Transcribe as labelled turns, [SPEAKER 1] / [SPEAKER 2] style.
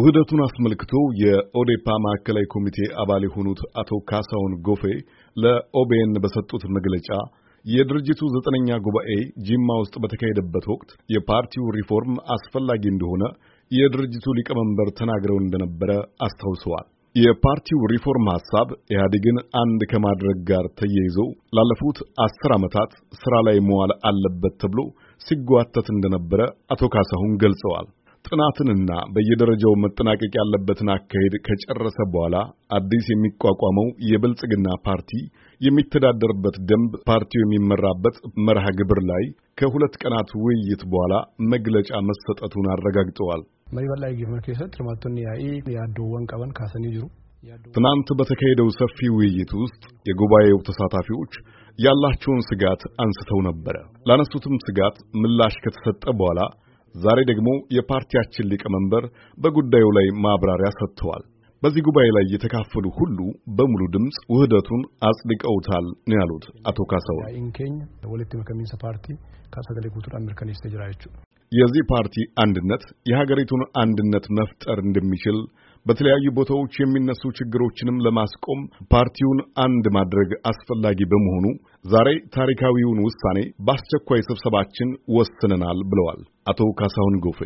[SPEAKER 1] ውህደቱን አስመልክቶ የኦዴፓ ማዕከላዊ ኮሚቴ አባል የሆኑት አቶ ካሳሁን ጎፌ ለኦቤን በሰጡት መግለጫ የድርጅቱ ዘጠነኛ ጉባኤ ጂማ ውስጥ በተካሄደበት ወቅት የፓርቲው ሪፎርም አስፈላጊ እንደሆነ የድርጅቱ ሊቀመንበር ተናግረው እንደነበረ አስታውሰዋል። የፓርቲው ሪፎርም ሐሳብ ኢህአዴግን አንድ ከማድረግ ጋር ተያይዞ ላለፉት አስር ዓመታት ሥራ ላይ መዋል አለበት ተብሎ ሲጓተት እንደነበረ አቶ ካሳሁን ገልጸዋል። ጥናትንና በየደረጃው መጠናቀቅ ያለበትን አካሄድ ከጨረሰ በኋላ አዲስ የሚቋቋመው የብልጽግና ፓርቲ የሚተዳደርበት ደንብ ፓርቲው የሚመራበት መርሃ ግብር ላይ ከሁለት ቀናት ውይይት በኋላ መግለጫ መሰጠቱን አረጋግጠዋል። ትናንት በተካሄደው ሰፊ ውይይት ውስጥ የጉባኤው ተሳታፊዎች ያላቸውን ስጋት አንስተው ነበረ። ላነሱትም ስጋት ምላሽ ከተሰጠ በኋላ ዛሬ ደግሞ የፓርቲያችን ሊቀመንበር በጉዳዩ ላይ ማብራሪያ ሰጥተዋል። በዚህ ጉባኤ ላይ የተካፈሉ ሁሉ በሙሉ ድምፅ ውህደቱን አጽድቀውታል ነው ያሉት አቶ ካሳሁን። የዚህ ፓርቲ አንድነት የሀገሪቱን አንድነት መፍጠር እንደሚችል በተለያዩ ቦታዎች የሚነሱ ችግሮችንም ለማስቆም ፓርቲውን አንድ ማድረግ አስፈላጊ በመሆኑ ዛሬ ታሪካዊውን ውሳኔ በአስቸኳይ ስብሰባችን ወስነናል ብለዋል አቶ ካሳሁን ጎፌ።